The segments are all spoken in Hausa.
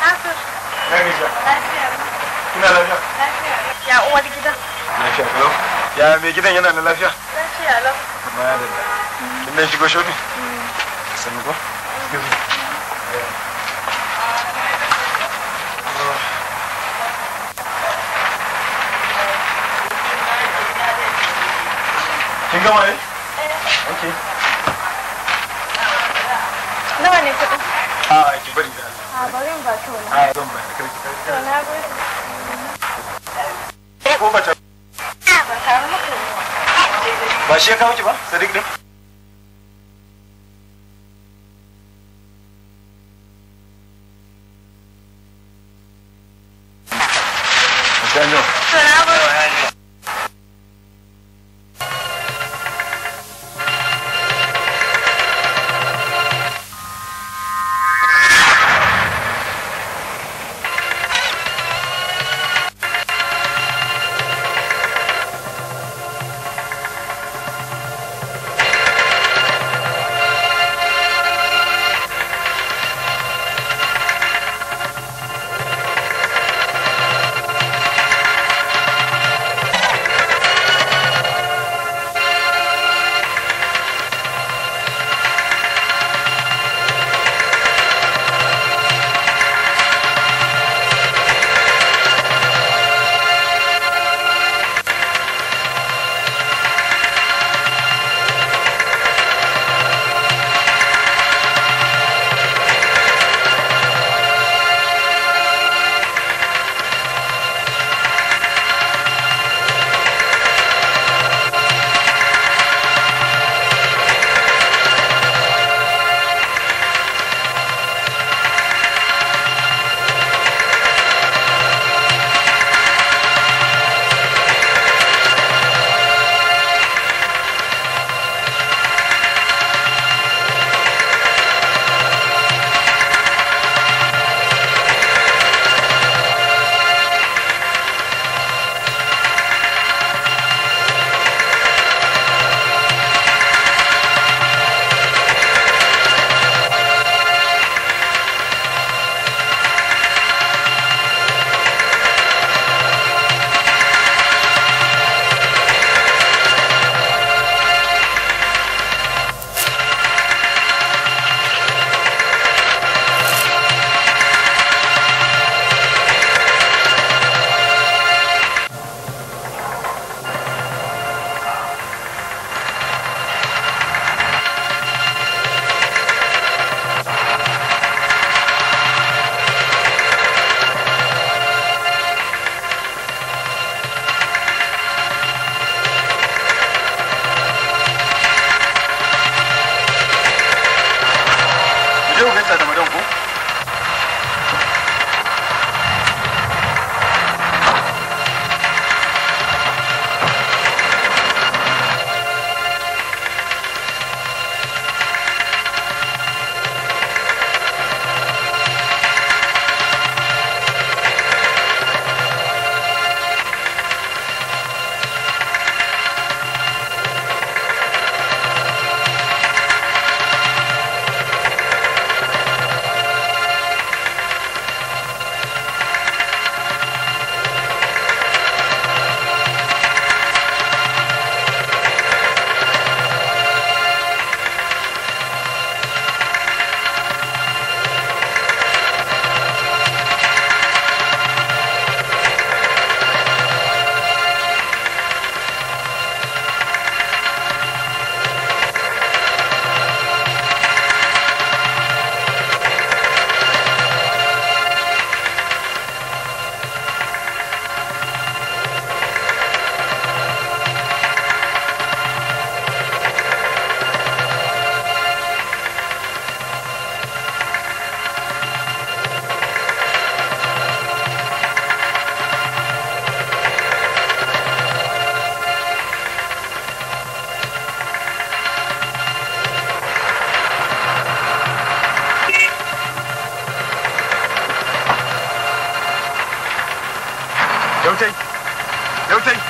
Nasıl? Ne diyeceğim? Lafiya. Yine lafiya. Lafiya. Lafiya Ya bir gidin yana ne lafiya? Kin gama ne? Okay. Nawa ne kuɗin? Aa, ki bari da Ah, ba A ah, eh, ah, ba shi ya kawo ba? Sadiq din. Eu tenho. Eu tenho.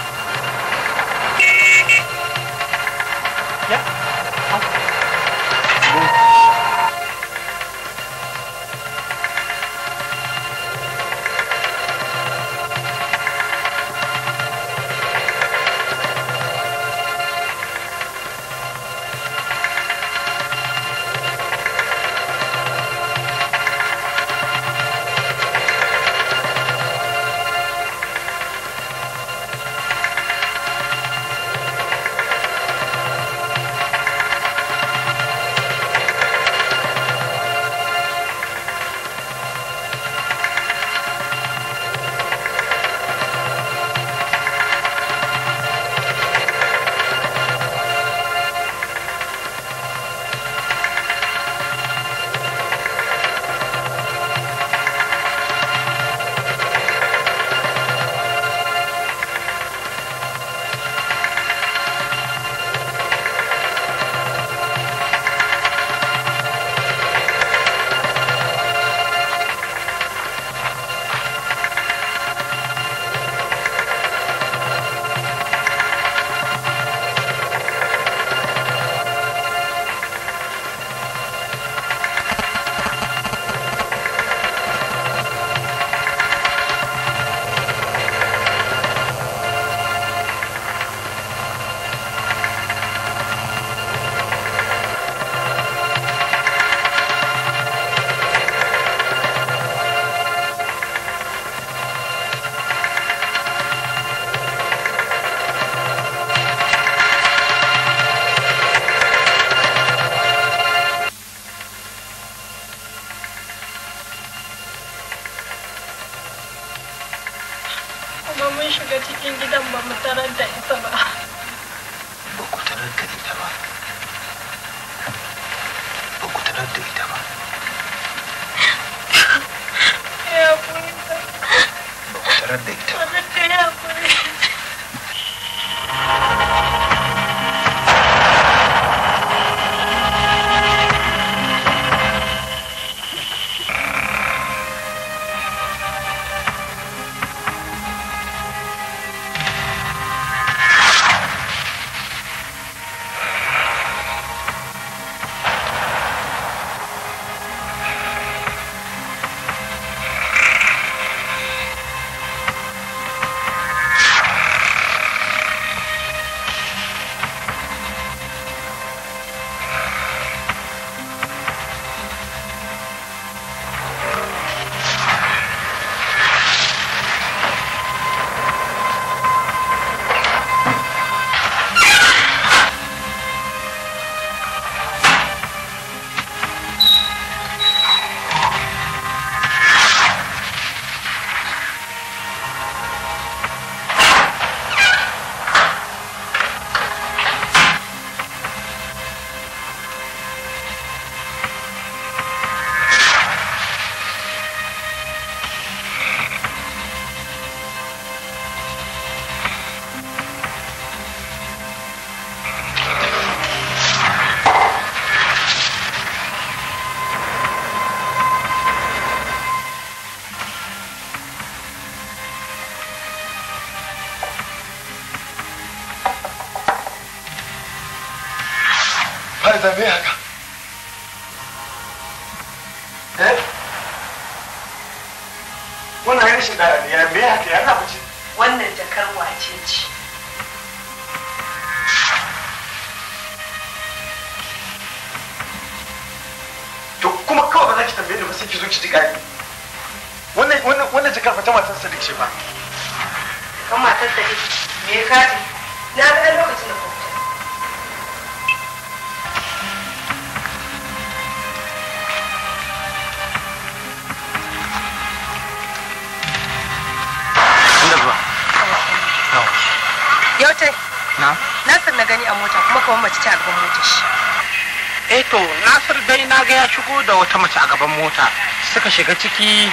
da wata mace a gaban mota suka shiga ciki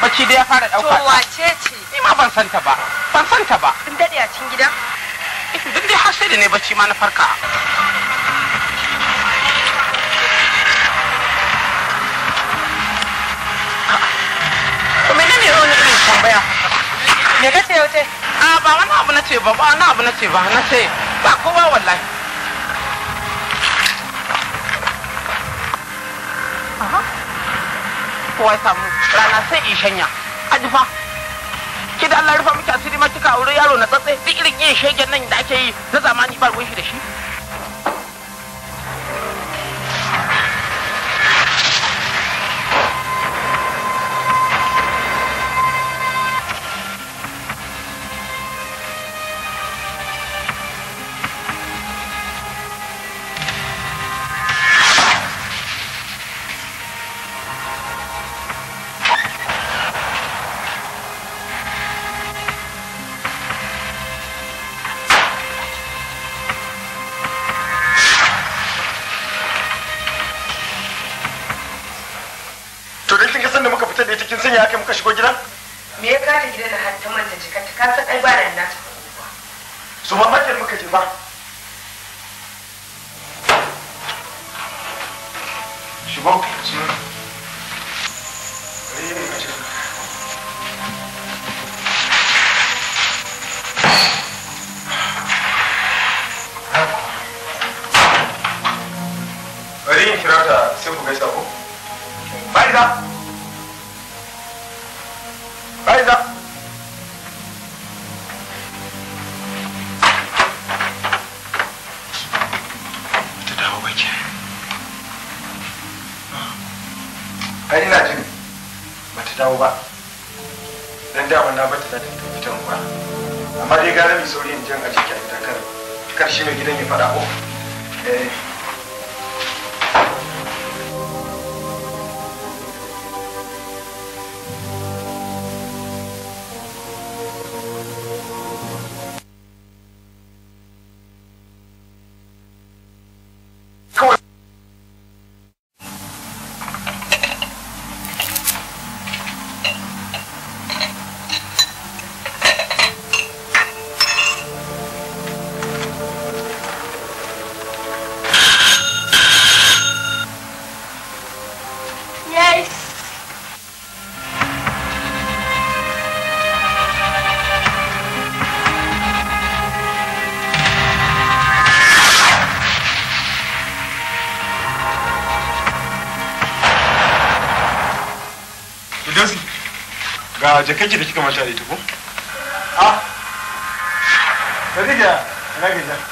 bacci da ya fara dauka to wace ce ni ma ban santa ba ban santa ba kun dade a cikin gida eh, duk dai har sai da ne bacci ma na farka tambaya me kace ce a ba wani abu na ce ba ba wani abu na ce ba na ce ba kowa wallahi kowa ya samu rana sai in shanya ajifa ki da Allah rufa miki asiri ma kika aure yaro na tsatse duk irin yin shegen nan da ake yi na zamani ba ruwan shi da shi kuka shigo gidan me ya kare gidan da hatta manta jikata ka san ai ba nan na su ba matar muka je ba kake da kika mata da ita ko? Ah, Kadija, ina gajiya.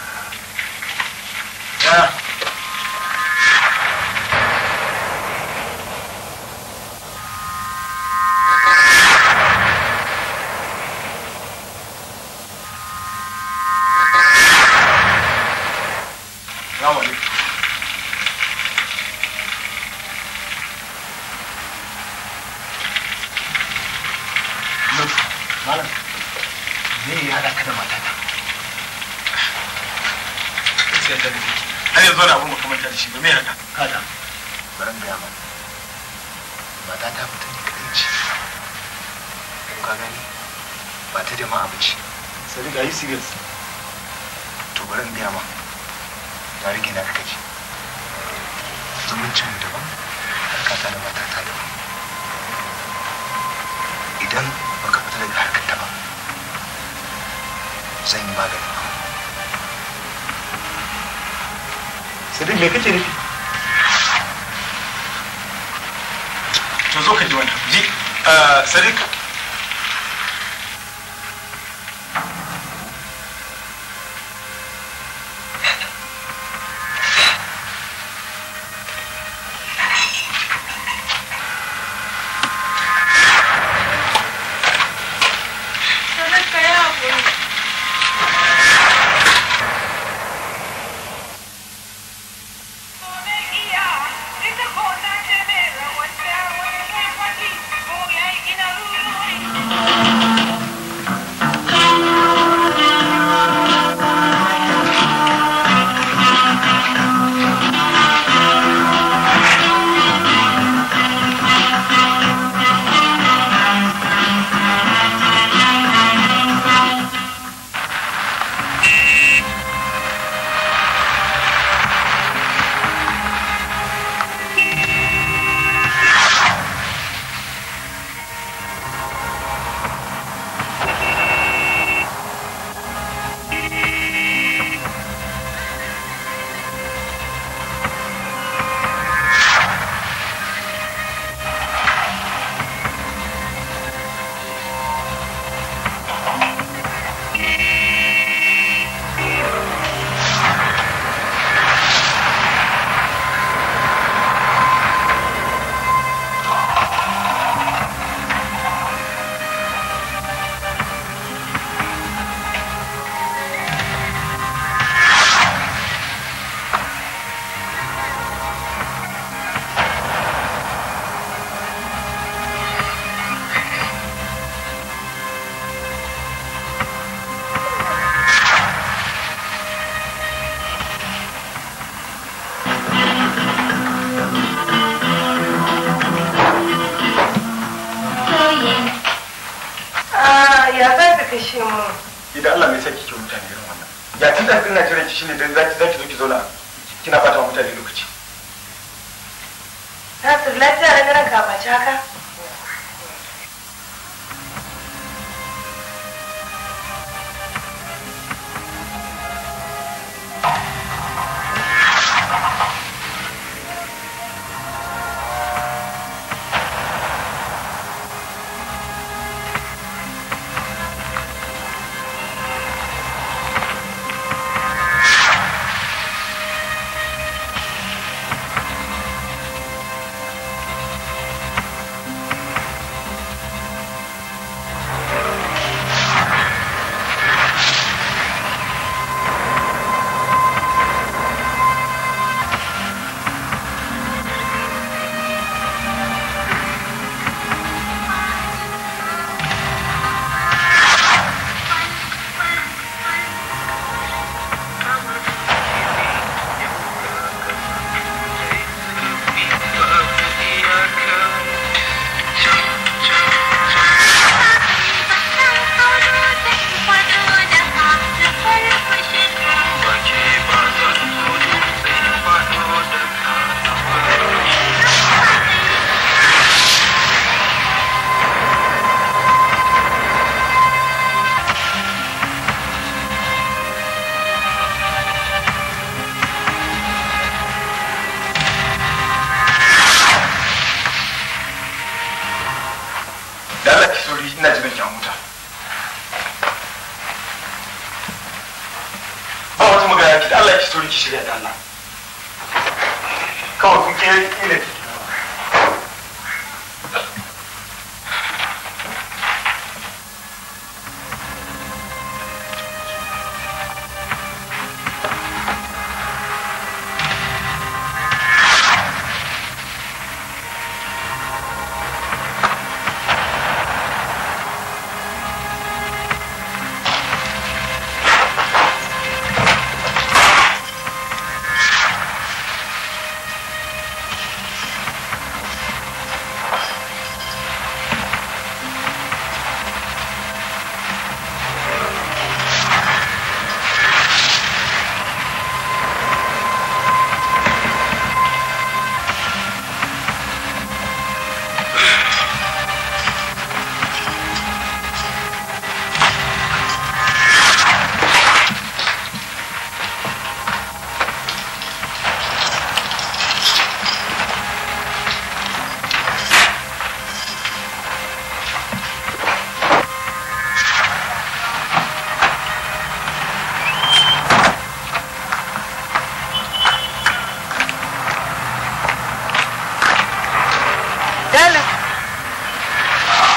dalin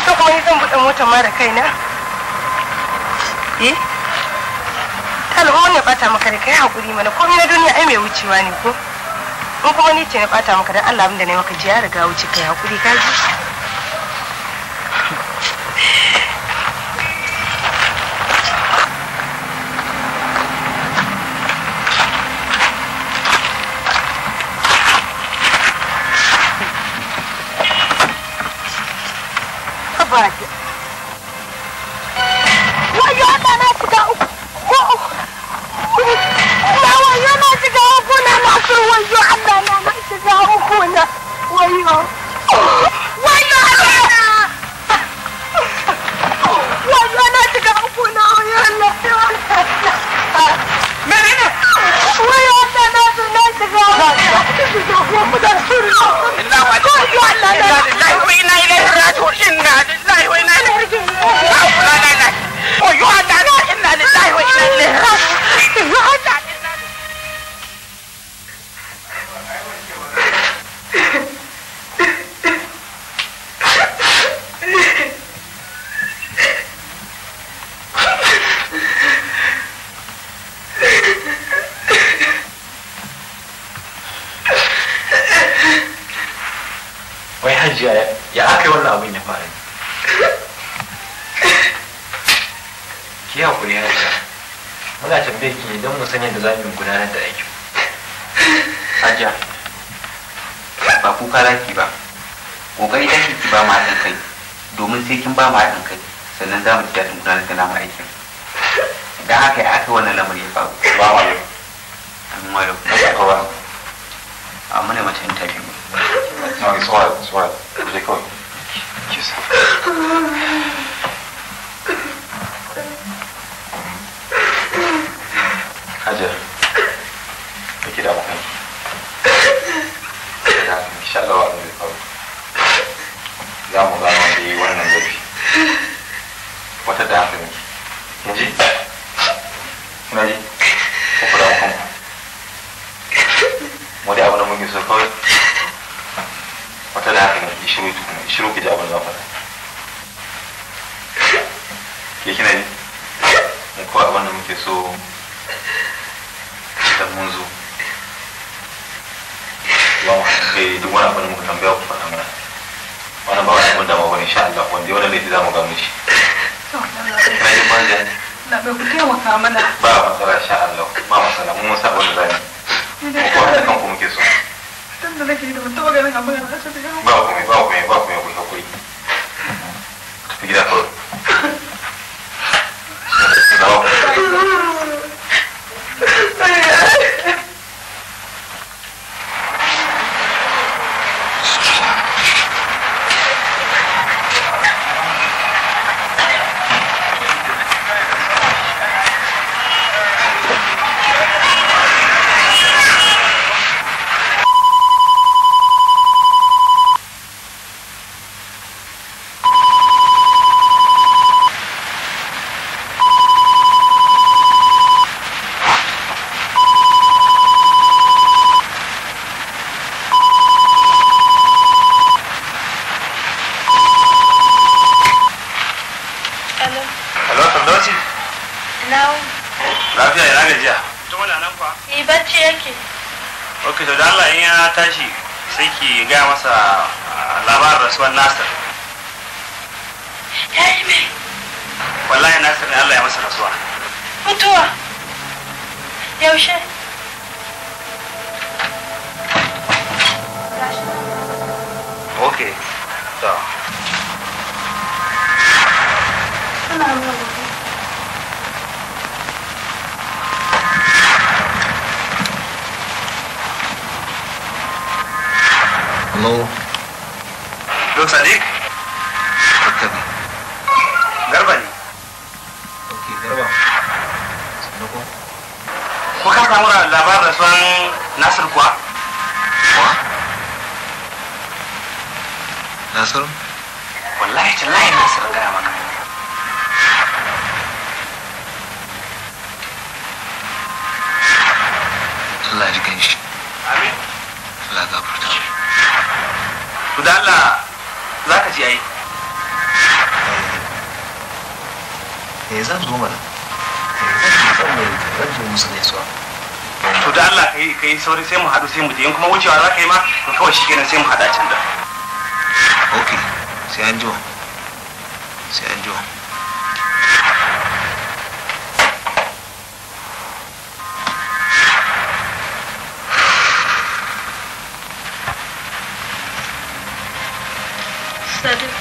to kuma zan buɗe ma da kaina eh dalin kuma ya bata maka da kai hakuri mana komai na duniya ai mai wucewa ne ko in kuma ni ce na bata maka dan Allah abinda na yi maka jiya riga wuce kai hakuri ka ji baki wayo Allah na أيها الناس إنا لله وإنا إليه راجعون yadda za mu gudanar da aiki ajiya ba kuka ki ba kokari ta ki ba ma haɗin kai domin sai kin ba ma haɗin kai sannan za mu ji daɗin gudanar da namu aikin don haka ya aka wannan lamari ya faru ba wa yau amma da kuma ba wa amma ne mace interview no na all tsawar tsawar rasuwan nasir kuwa nasir wallahi tallahi nasir gaya maka Allah ji ganshi amin Allah gafarta Ku da Allah zaka ji ai eh, eh zan zo mana eh, zan zo musu gaisuwa to da Allah kai kai sauri sai mu haɗu sai mu je in kuma wucewa za ka yi ma to kawai shikenan sai mu haɗa can da ok sai an jiwa sai an jiwa you.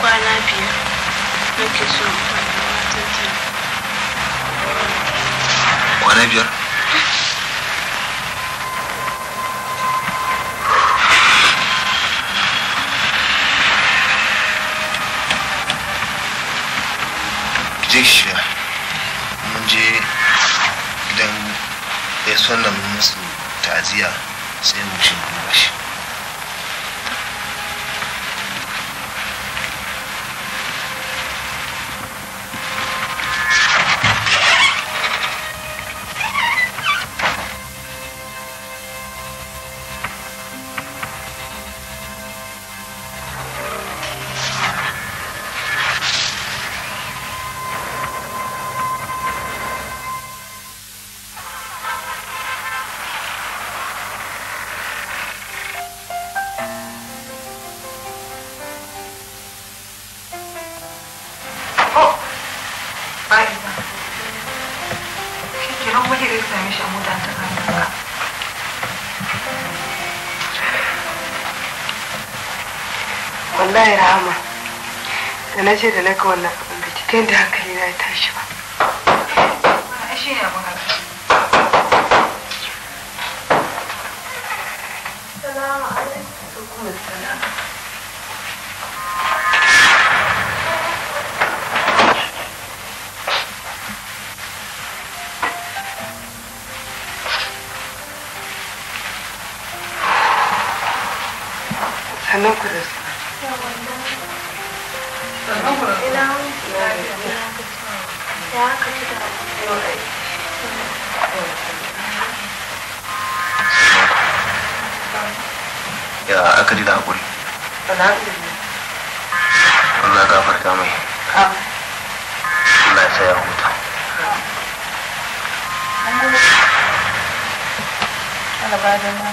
kwana biyar nake so kwana biyar same shi a wallahi rahama da na ce da na ga wannan abin da cikin da hankali na tashi ba shi ne abin haka Salamu sannan ku da ya aka ji da haƙuri Allah gafarta mai Allah ya huta Allah ba da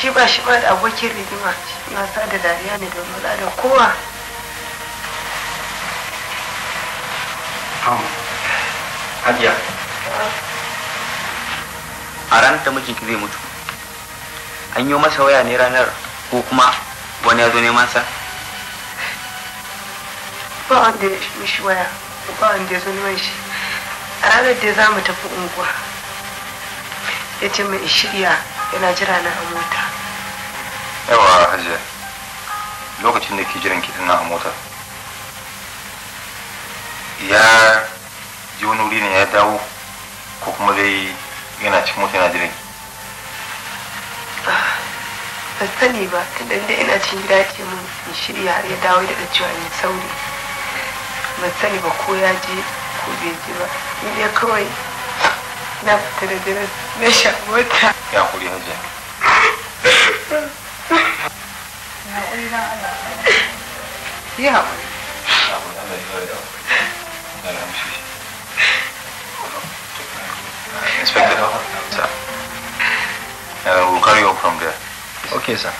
shi ba shi ba da abokin rigima na sa da dariya ne da mula da kowa hajiya a ranar da mijinki zai mutu an yi masa waya ne ranar ko kuma wani ya zo neman sa ba wanda ya mishi waya ba wanda ya zo neman shi a ranar da za mu tafi unguwa ya ce mai shirya yana jira na a mota yawa hajiya lokacin da ke jiran kiɗin na a mota ya ji wani wuri ne ya dawo ko kuma dai yana cikin mota yana jiran ban sani ba tunda inda ina cikin gida ce mun in shirya har ya dawo da cewa in sauri ban sani ba ko ya je ko bai je ba in dai kawai na fita da jiran na sha mota ya kuri hajiya Ki haƙuri. Inspector, sir. Uh, we'll carry on from there. Okay, sir.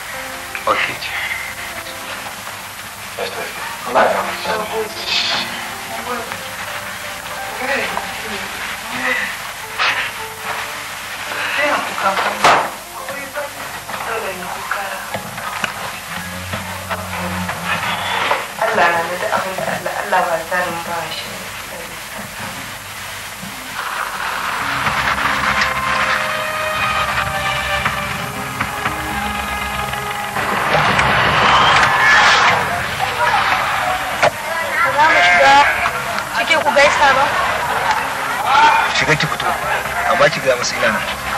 Okay. Yes, sir. They have Okay. come from Allah na da abin da Allah ba ba shi Cike ku gaisa ba? Shiga ki fito, amma ki ga masu ina nan.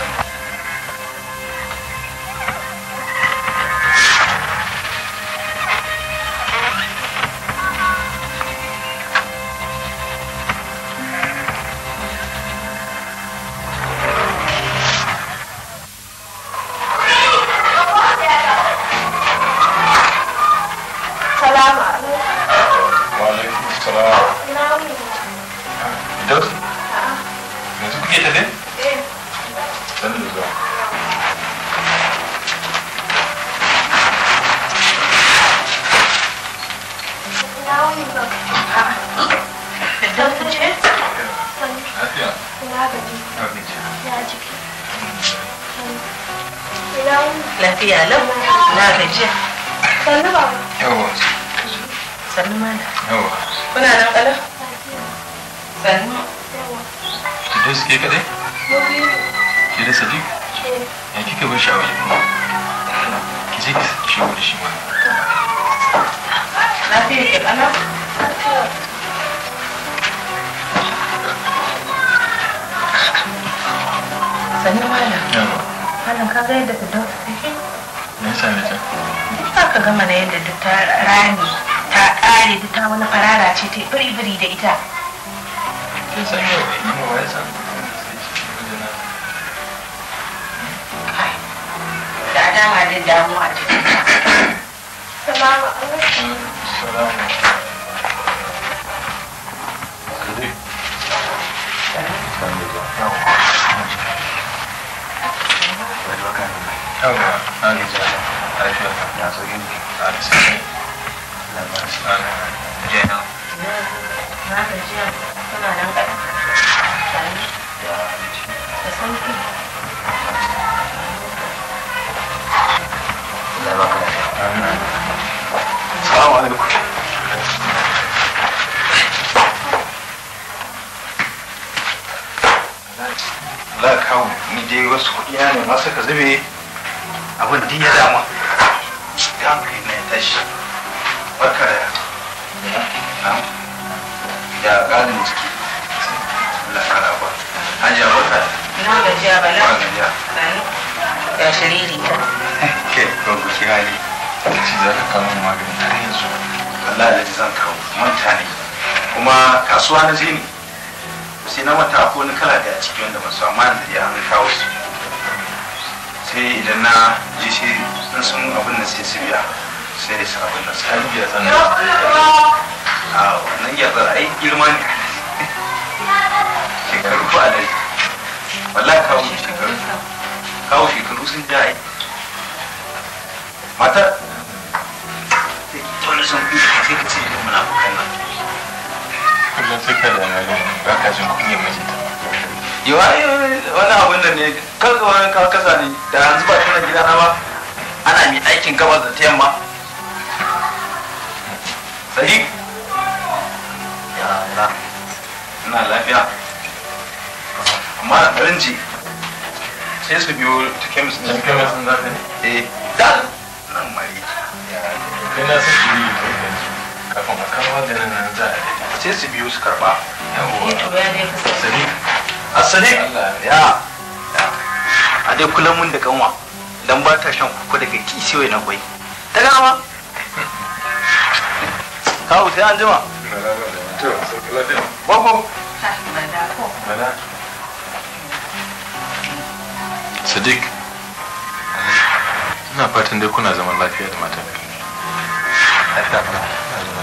za ka kawo ni je wasu kuɗi ne nema ka zube abin din ya dama da hankali na ya tashi barka da ya ƙarin jiki Allah ba raba hajiya barka da ina gajiya bala ba gajiya ya shiriri ta ke ko ku ci hali ci za ka kawo magani na yanzu Allah ya ji zan kawo manta ne kuma kasuwa na je sai na wata ko na kala da ciki wanda ba su amma da ya kawo su sai idan na ji shi sun sun abin da sai su biya sai da sabon da sai biya sannan a wannan ya zara ai girma ne shekaru ba da wallahi kawo shekaru kawo shekaru sun ja ai mata ta ki tona sun fi sai ka ce munafukan nan wajen suka ka da yare ba ka jin kunyar mijinta yawa wani abin da ne kan wani ka kasa ne da yanzu ba tana gida na ba ana mai aikin gabas da ta yamma Sahi? ya na ina lafiya amma barin ji sai su biyo ta kemis ɗin kemis ɗin zafi eh Dan. nan mai ya kai na sun kafin a kawo maganin nan za a daɗe sai su biyu su karɓa asali eh, ah, ya a dai kula mun da kanwa dan ba ta shan kuku daga kisi wai na kwai ta gama kawo sai an jima bako sadiq ina fatan dai kuna zaman lafiya da matan lafiya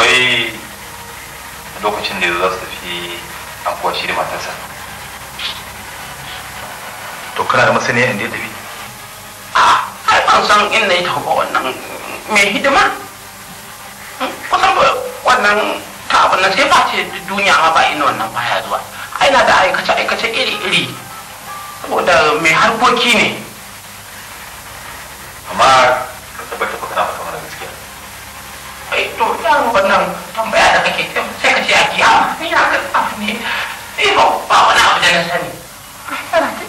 akwai lokacin da za su tafi anguwa shi da matarsa to kana da masaniya inda ya tafi a ban san inda ya tafi wannan mai hidima kusan wannan ta abin nan sai ba ce duniya ma ba ina wannan baya zuwa aina da aikace aikace iri iri saboda mai harkoki ne amma wannan tambaya da kake kai sai ka ce a kiyama ni haka abu ne ni ba wani abu da na sani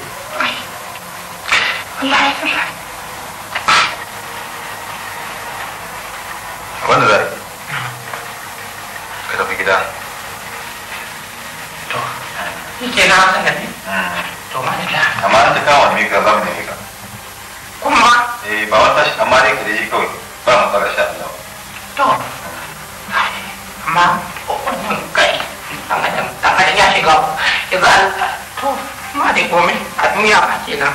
wanda za ka tafi gida to ni ke na san da to ma da amma an ta kawo mai ga zamu ne ka kuma eh ba wata shi amma dai ka je kawai ba mu fara sha Allah to 마음 오는 거에 당하자 당하자 하시고 이거 또 마디 보면 아니야 지금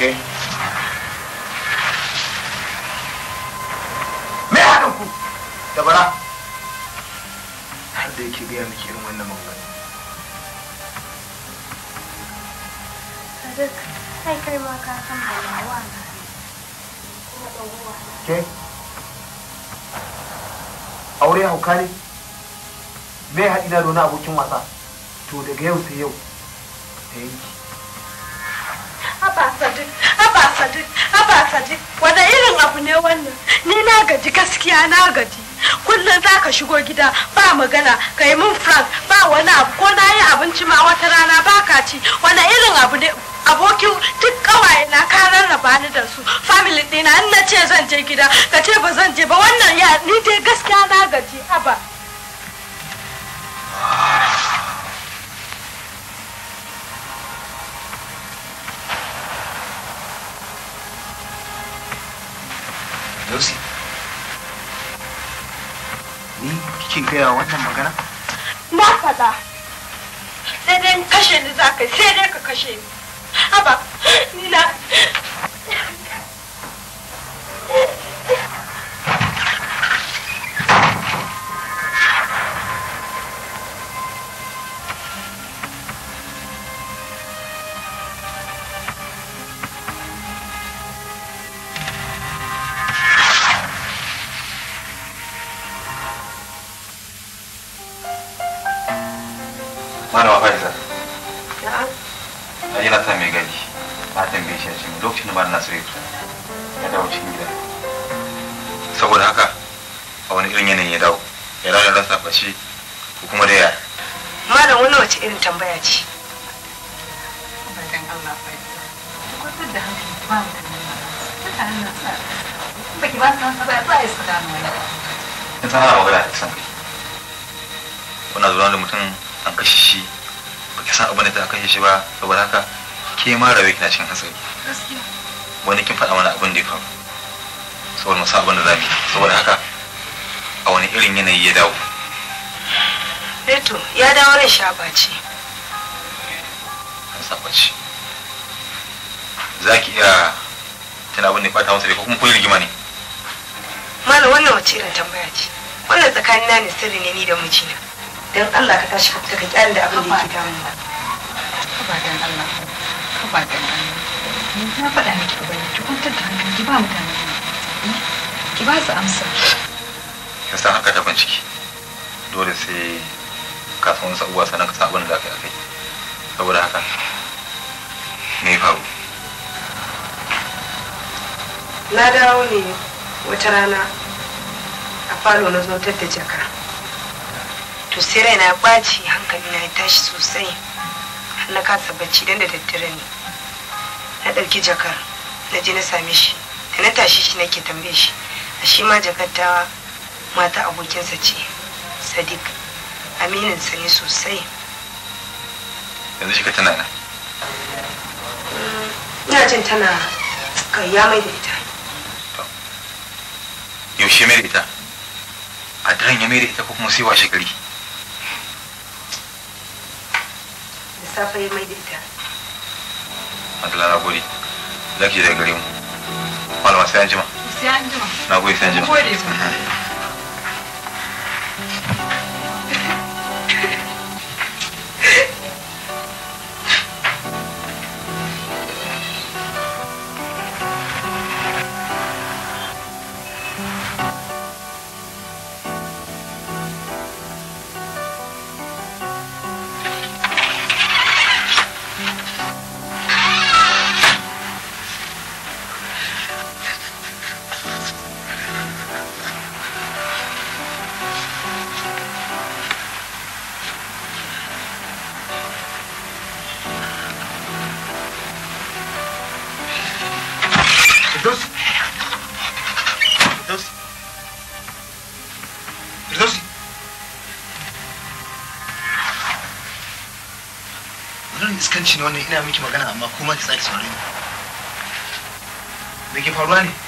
Okay. Me haɗin ku da bara har da yake gaya miki irin wannan magana. Duk kai kai ma ka san halawa Ke? Aure hauka ne? Me haɗi da abokin wasa? To daga yau sai yau sadiq haba sadiq wani irin abu ne wannan ni na gaji gaskiya na gaji kullum za ka shigo gida ba magana ka yi min frank ba wani abu ko na yi abinci ma wata rana ba ka ci wani irin abu ne abokin duk kawaye na ka rarraba ni da su family ɗina in na ce zan je gida ka ce ba zan je ba wannan ya ni dai gaskiya na gaji haba gaya wannan magana? Na faɗa. Sai dai kashe ni za ka sai dai ka kashe ni. Haba, ni na ma rawe kina cikin hatsari wani kin faɗa mana abin da ya faru saboda masu abin da zamu saboda haka a wani irin yanayi ya dawo eto eh ya dawo ran shabaci shabaci za ki iya tana abin da ya ɓata masa da kuma koyi rigima ne mana wannan wace irin tambaya ce wannan na ne sirri ne ni da mijina don allah ka tashi ka fita ka kyale da abin da yake damu ba dan allah ba da ni na faɗa miki ba ki kwantar da hankali ki ba mutane ki ba su amsa Ka san haka ta bincike dole sai ka san wasu abubuwa sannan ka san abin da za ka yi kai saboda haka me faru na dawo ne wata rana a falo na zautar da jaka to sai raina ya ɓaci hankali na ya tashi sosai har na kasa bacci don da daddare ne na ɗauki jakar na je na same shi da na tashi shi nake tambaye shi a shi ma jakar ta mata abokinsa ce sadiq aminin sa ne sosai yanzu shi ka tana na mm, ina jin tana ya mai da ita yaushe mai da ita a daren ya mai da ita ko kuma sai washe gari da safe ya mai da ita madalla na gode za da gari daga gare mu malama sai an jima sai an jima na sai an jima zan iskanci ne wannan ina miki magana amma kuma ki tsaki saurari me ke faruwa ne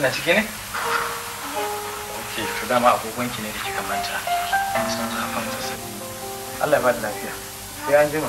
na ciki ne? ok to dama agogonki ne da kika manta Allah ya ba da lafiya sai an jima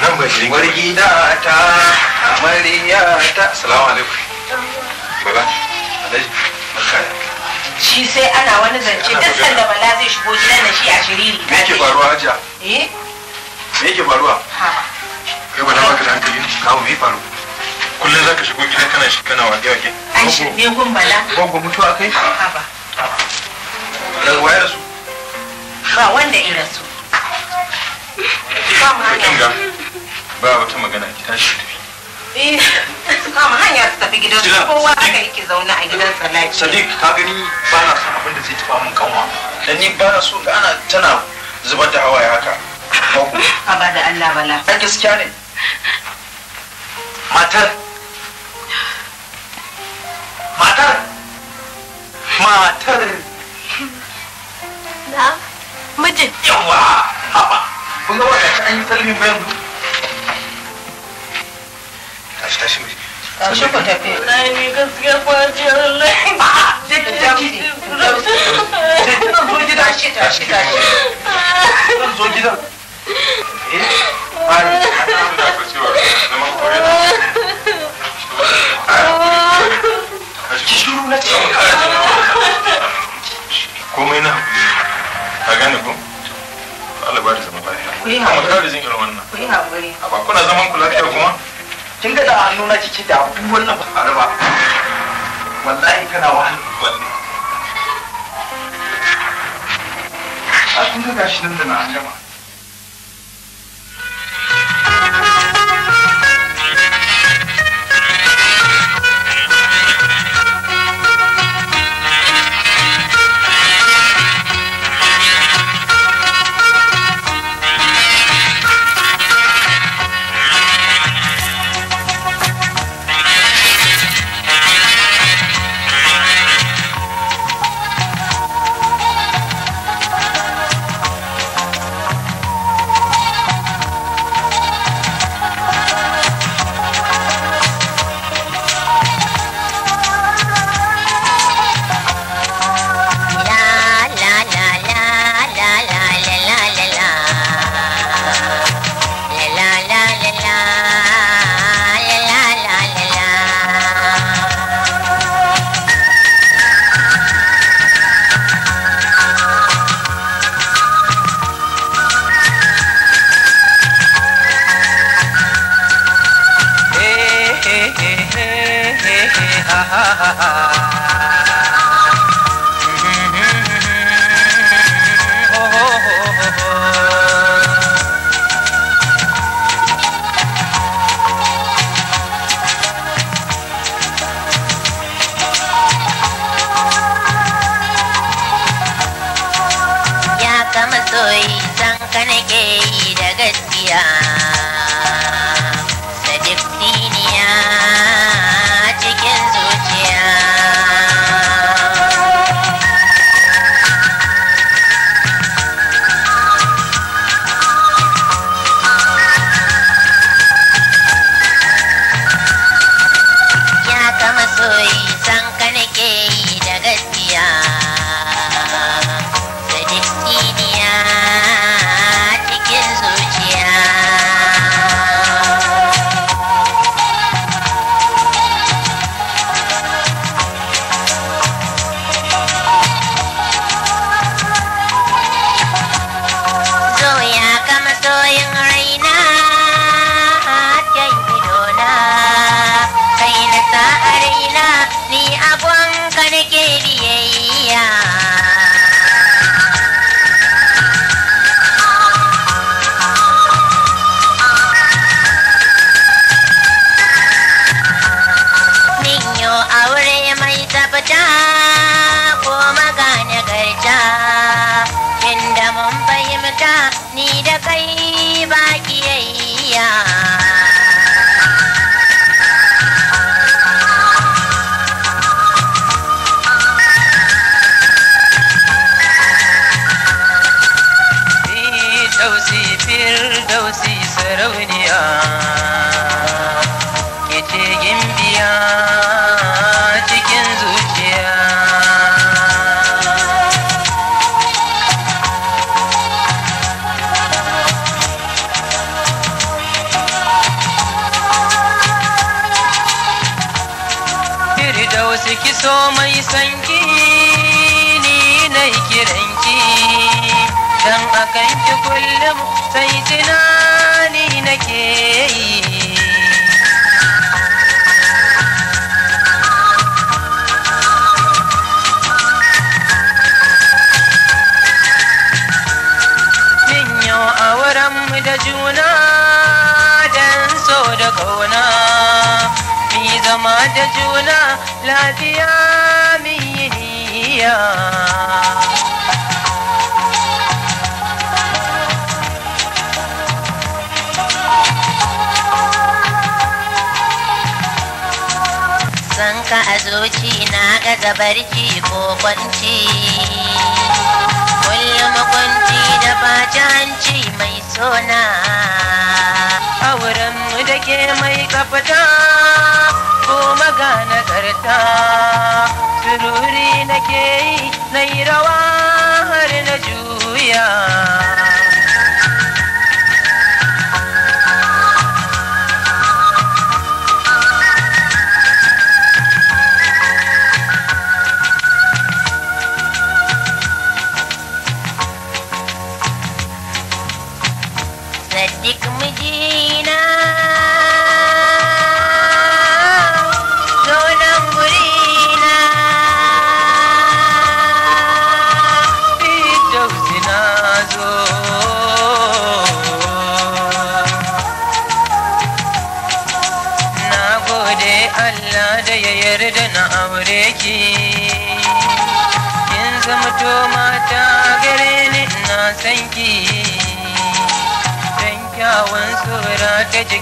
nan ba shi wargi da ta amariya ta salamu alaikum baba alhaji shi sai ana wani zance duk sanda bala zai shigo gida na shi a shiriri me yake faruwa hajiya eh me yake faruwa kai ba na baka da hankali kawo me faru kullum zaka shigo gidan kana shi kana wage wage an shi ne gun bala gongo mutuwa akai ha ba da waya su ba wanda irin su ba mu hanya ba wata magana ki tashi tafi eh, kama hanya su tafi gidan su kowa haka yake zaune a gidan sa lafiya sadiq ka gani ba na son abin da zai tafa min kanwa dan ni ba na so ga ana tana zubar da hawaye haka amma da Allah bala a gaskiya ne matar matar matar na mijin yawa haba kun ga wata an yi salmin bayan tashi tashi mai tashi ku tafi na ni gaskiya ba ji yi yi Kuna zaman ku lafiya kuma? kin ga da hannu na cike da abu wannan ba faru ba wallahi kana wahala kwalli. a kun ah, ga gashi nan da na jama'a tunani nake yi Minyo a wurin da juna don so da kauna mi zama da juna lafiya mi yi niyya daga barci ko kwanci kullum kwanci da baci hanci mai sona a wurin mu da ke mai kafata ko magana karta sururi nake yi na yi rawa har na juya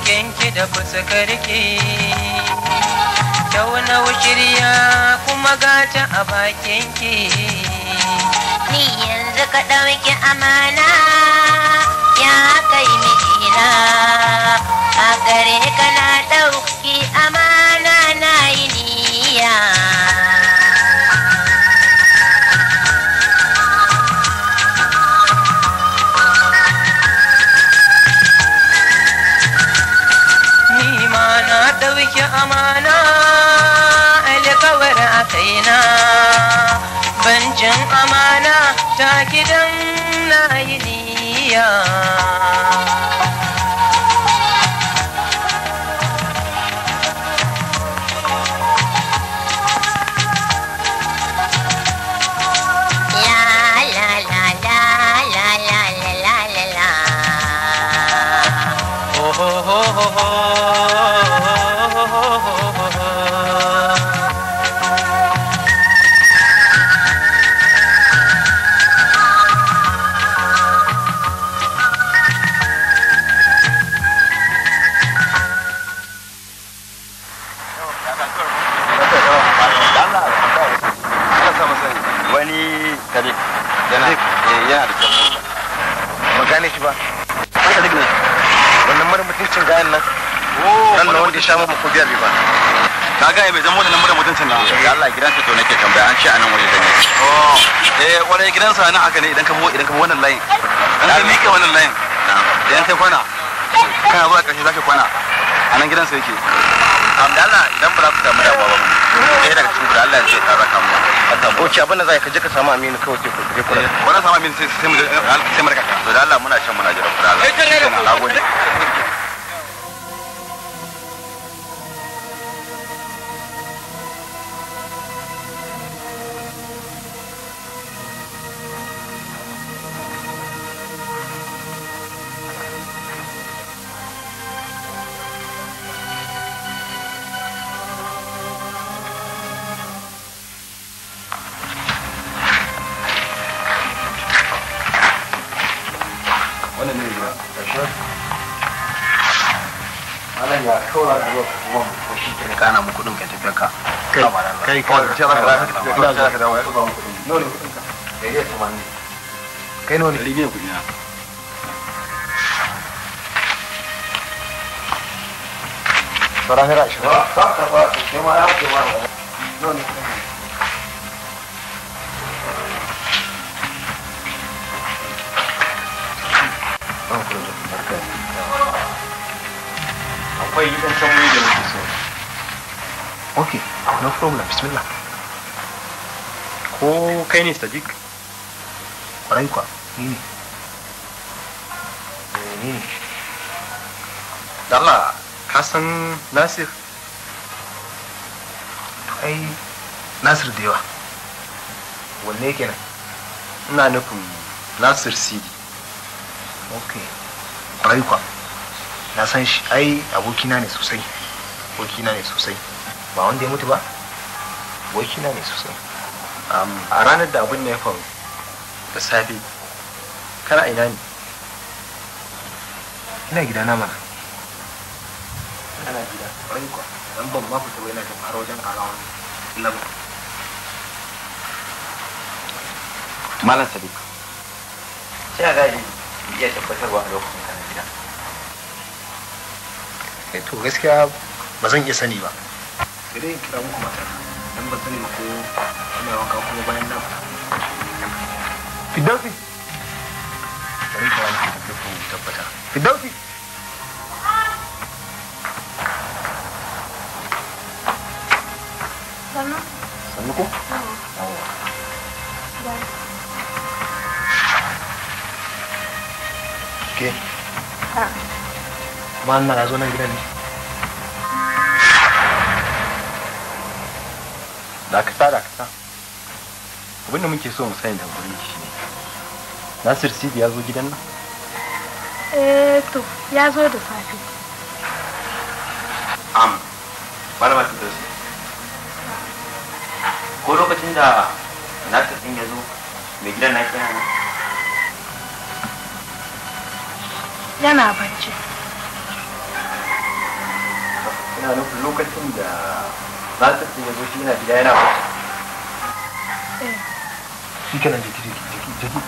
ganki da fuskarki tauna shirya kuma gata a bakinki ni yanzu ka ɗauki amana ya kai mijina a gare ka na ɗauka amana alkawar a kaina bancin amana ta gidan na yi niyya gayan nan nan na wanda ya sha mamu ko biya bai ba ka gaya bai zama wannan mura mutuncin na da Allah gidan gidansa to nake tambaya an ce anan waje da ne oh eh wani gidansa nan haka ne idan ka idan ka wannan layin an ka mika wannan layin idan kai kwana kana zuwa karshe zaka kwana anan gidansa yake amdala idan ba za ku samu damuwa ba ɗaya daga cikin guda Allah zai tsara kamu ko ci abin da zai ka je ka samu aminu kawai ke kula eh, wani samu aminu sai mu sai mu rika to da Allah muna can muna jira kula wani shi zaka dawo shi zaka dawo ya tuba mu noni kudin ka eh ya tuba no problem bismillah ko kai ne sadiq ƙwarai kwa ni ne ni eh. dalla ka san nasir to ai nasir da yawa wanne kenan ina nufin nasir sidi ok ƙwarai kwa na san shi ai abokina ne sosai abokina ne sosai ba wanda ya mutu ba kina ne sosai a ranar da abin ne ya faru da safe kana ina ne ina gida na mana kana gida ƙwarai kwa dan ban ma fita bai yana tafi har wajen ƙarawa labar malam sadiq sai a gaji iya tabbatarwa a lokacin kana gida eh, to gaskiya ba zan iya sani ba sai dai kira muku mata dan ba sani ko ana wanka kuma bayan nan fidansi. wani kuma na zo nan gidan ne dakata dakata abin da muke so mu sani da wurin shi ne nasir sidi ya zo gidan nan eh to ya zo da safe am malama ta dace ko lokacin da nasir din ya zo mai gidan na kira ne yana bacci ina nufin lokacin da ba tafi ya yanzu shi yana gida yana bacci shi kenan jiki jiki jiki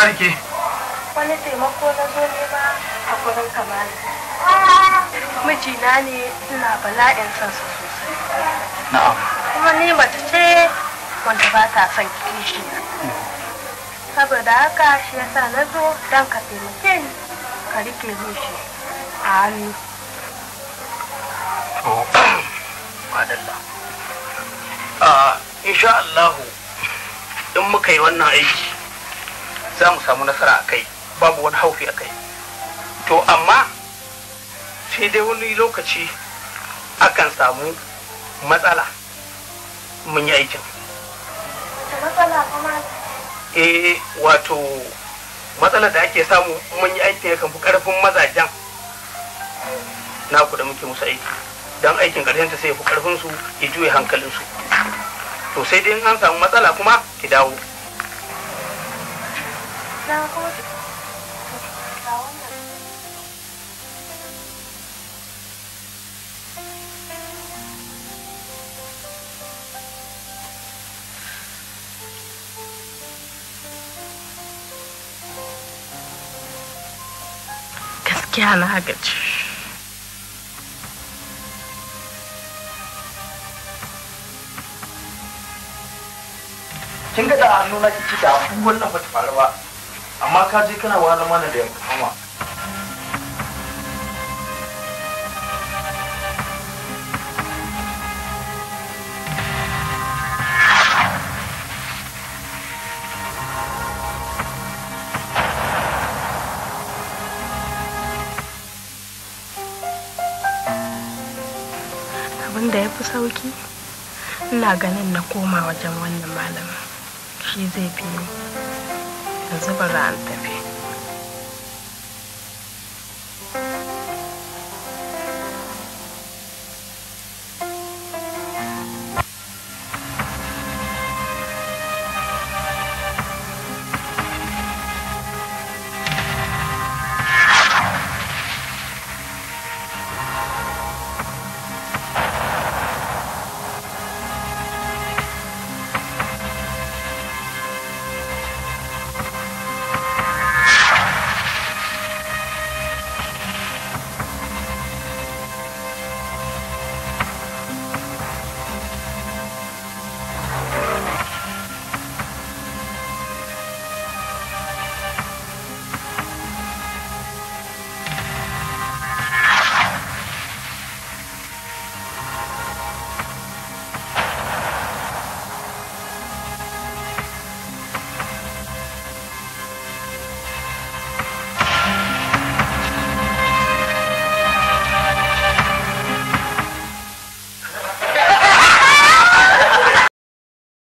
wani taimako na zo ne ba a gurin kamar mijina ne ina bala'in son su sosai na'am kuma ni mace ce wanda ba ta son kishi saboda haka shi ya sa na zo don ka taimake ni ka rike shi a hannu to madalla a ah, insha in muka yi wannan aiki za mu samu nasara a kai babu wani haufi a kai to amma sai dai wani lokaci akan samu matsala mun yi aikin eh wato matsala da ake samu mun yi aikin yakan fi karfin mazajen naku da muke musu aiki don aikin karshen ta sai fi karfin su ya juya hankalin su to sai dai an samu matsala kuma ki dawo na gode ga wannan gaskiya na gaji kin ga da nuna kici da wannan ba ta faru ba amma ka je kana wahalar mana da yankanwa abin da ya fi sauki ina ganin na koma wajen wannan malamin shi zai biyo Cosa parlante